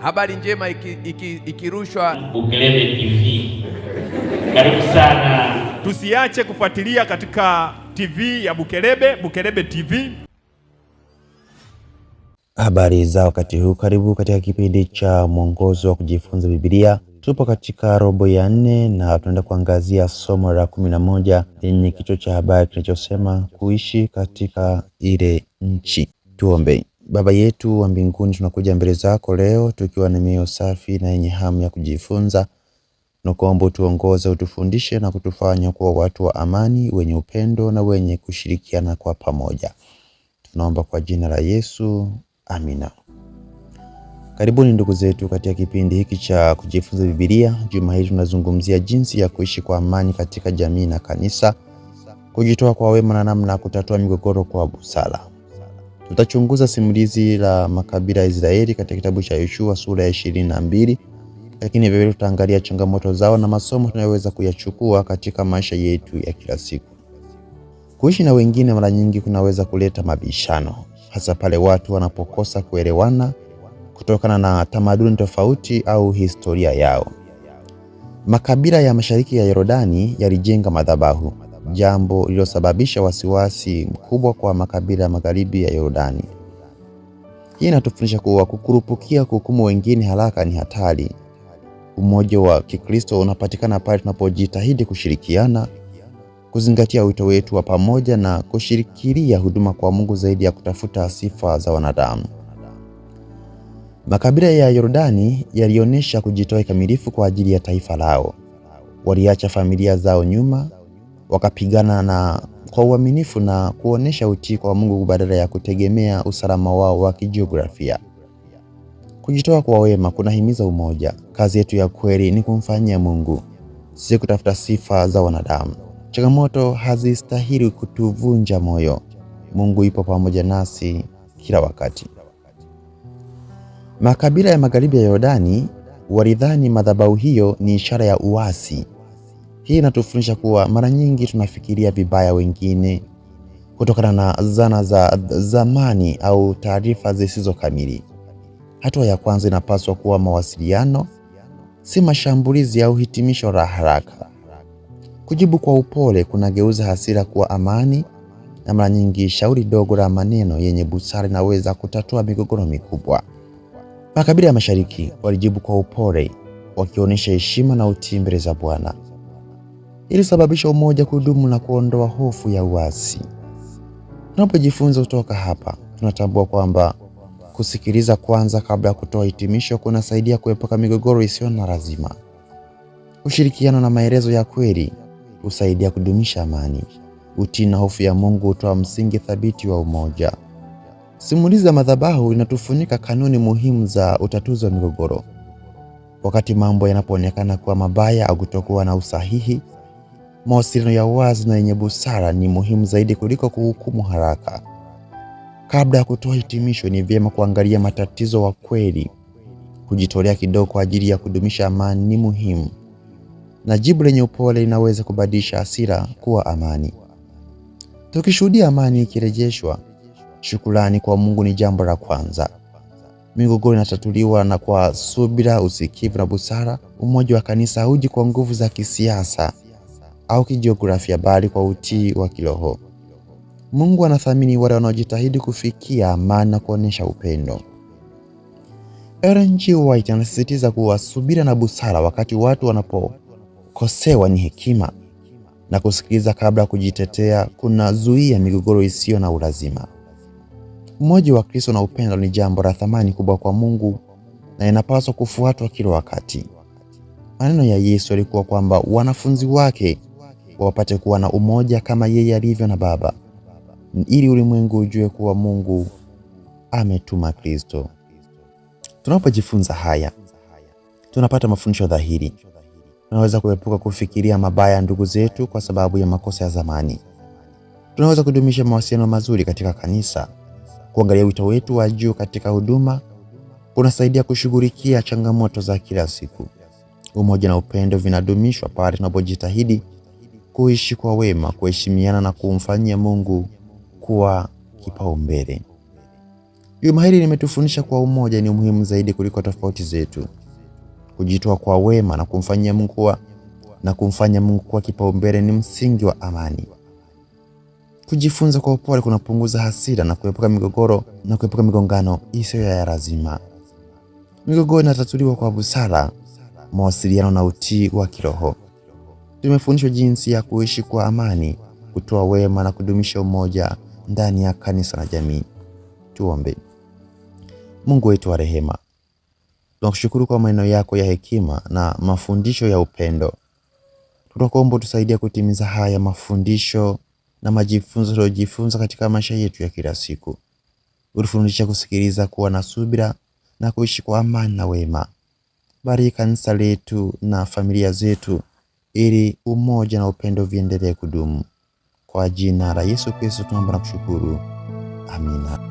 Habari njema ikirushwa iki, iki Bukelebe TV. Karibu sana, tusiache kufuatilia katika TV ya Bukelebe, Bukelebe TV. Habari za wakati huu, karibu katika kipindi cha mwongozo wa kujifunza Biblia. Tupo katika robo ya nne na tunaenda kuangazia somo la kumi na moja lenye kichwa cha habari kinachosema kuishi katika ile nchi. Tuombe. Baba yetu wa mbinguni, tunakuja mbele zako leo tukiwa na mioyo safi na yenye hamu ya kujifunza. Nakuomba utuongoze, utufundishe na kutufanya kuwa watu wa amani, wenye upendo na wenye kushirikiana kwa pamoja. Tunaomba kwa jina la Yesu, amina. Karibuni ndugu zetu katika kipindi hiki cha kujifunza Biblia. Juma hili tunazungumzia jinsi ya kuishi kwa amani katika jamii na kanisa, kujitoa kwa wema na namna ya kutatua migogoro kwa busara. Tutachunguza simulizi la makabila ya Israeli katika kitabu cha Yoshua sura ya ishirini na mbili, lakini vilevile tutaangalia changamoto zao na masomo tunayoweza kuyachukua katika maisha yetu ya kila siku. Kuishi na wengine mara nyingi kunaweza kuleta mabishano, hasa pale watu wanapokosa kuelewana kutokana na tamaduni tofauti au historia yao. Makabila ya mashariki ya Yordani yalijenga madhabahu jambo lililosababisha wasiwasi mkubwa kwa makabila ya magharibi ya Yordani. Hii inatufundisha kuwa kukurupukia kuhukumu wengine haraka ni hatari. Umoja wa Kikristo unapatikana pale tunapojitahidi kushirikiana, kuzingatia wito wetu wa pamoja na kushirikilia huduma kwa Mungu zaidi ya kutafuta sifa za wanadamu. Makabila ya Yordani yalionyesha kujitoa kikamilifu kwa ajili ya taifa lao. Waliacha familia zao nyuma, wakapigana na kwa uaminifu na kuonesha utii kwa Mungu badala ya kutegemea usalama wao wa kijiografia. Kujitoa kwa wema kunahimiza umoja. Kazi yetu ya kweli ni kumfanyia Mungu, si kutafuta sifa za wanadamu. Changamoto hazistahili kutuvunja moyo. Mungu yupo pamoja nasi kila wakati. Makabila ya magharibi ya Yordani walidhani madhabahu hiyo ni ishara ya uasi hii inatufundisha kuwa mara nyingi tunafikiria vibaya wengine kutokana na zana za zamani au taarifa zisizo kamili. Hatua ya kwanza inapaswa kuwa mawasiliano, si mashambulizi au hitimisho la haraka. Kujibu kwa upole kunageuza hasira kuwa amani, na mara nyingi shauri dogo la maneno yenye busara inaweza kutatua migogoro mikubwa. Makabila ya Mashariki walijibu kwa upole, wakionyesha heshima na utii mbele za Bwana ilisababisha umoja kudumu na kuondoa hofu ya uasi. Tunapojifunza kutoka hapa, tunatambua kwamba kusikiliza kwanza kabla ya kutoa hitimisho kunasaidia kuepuka migogoro isiyo na lazima. Ushirikiano na maelezo ya kweli husaidia kudumisha amani. Utii na hofu ya Mungu hutoa msingi thabiti wa umoja. Simulizi ya madhabahu inatufunika kanuni muhimu za utatuzi wa migogoro. Wakati mambo yanapoonekana kuwa mabaya au kutokuwa na usahihi, Mawasiliano ya wazi na yenye busara ni muhimu zaidi kuliko kuhukumu haraka. Kabla ya kutoa hitimisho, ni vyema kuangalia matatizo wa kweli. Kujitolea kidogo kwa ajili ya kudumisha amani ni muhimu, na jibu lenye upole linaweza kubadilisha hasira kuwa amani. Tukishuhudia amani ikirejeshwa, shukrani kwa Mungu ni jambo la kwanza. Migogoro inatatuliwa na kwa subira, usikivu na busara. Umoja wa kanisa hauji kwa nguvu za kisiasa, au kijiografia, bali kwa utii wa kiroho. Mungu anathamini wale wanaojitahidi kufikia amani na kuonyesha upendo. Ellen G. White anasisitiza kuwa subira na busara wakati watu wanapokosewa ni hekima na kusikiliza kabla ya kujitetea kunazuia migogoro isiyo na ulazima. Umoja wa Kristo na upendo ni jambo la thamani kubwa kwa Mungu na inapaswa kufuatwa kila wakati. Maneno ya Yesu yalikuwa kwamba wanafunzi wake wapate kuwa na umoja kama yeye alivyo na Baba, ili ulimwengu ujue kuwa Mungu ametuma Kristo. Tunapojifunza haya, tunapata mafundisho dhahiri. Tunaweza kuepuka kufikiria mabaya ndugu zetu kwa sababu ya makosa ya zamani. Tunaweza kudumisha mawasiliano mazuri katika kanisa. Kuangalia wito wetu wa juu katika huduma kunasaidia kushughulikia changamoto za kila siku. Umoja na upendo vinadumishwa pale tunapojitahidi kuishi kwa wema, kuheshimiana na kumfanyia Mungu kuwa kipaumbele. Juma hili limetufundisha kuwa umoja ni muhimu zaidi kuliko tofauti zetu. Kujitoa kwa wema na kumfanyia Mungu kuwa na kumfanya Mungu kuwa kipaumbele ni msingi wa amani. Kujifunza kwa upole kunapunguza hasira na kuepuka migogoro na kuepuka migongano isiyo ya lazima. Migogoro inatatuliwa kwa busara, mawasiliano na utii wa kiroho. Tumefundishwa jinsi ya kuishi kwa amani, kutoa wema na kudumisha umoja ndani ya kanisa na jamii. Tuombe. Mungu wetu wa rehema, tunakushukuru kwa maneno yako ya hekima na mafundisho ya upendo. Tunakuomba utusaidia kutimiza haya mafundisho na majifunzo tuliojifunza katika maisha yetu ya kila siku. Ulifundisha kusikiliza, kuwa na subira na kuishi kwa amani na wema. Bariki kanisa letu na familia zetu ili umoja na upendo viendelee kudumu. Kwa jina la Yesu Kristo tunaomba na kushukuru, amina.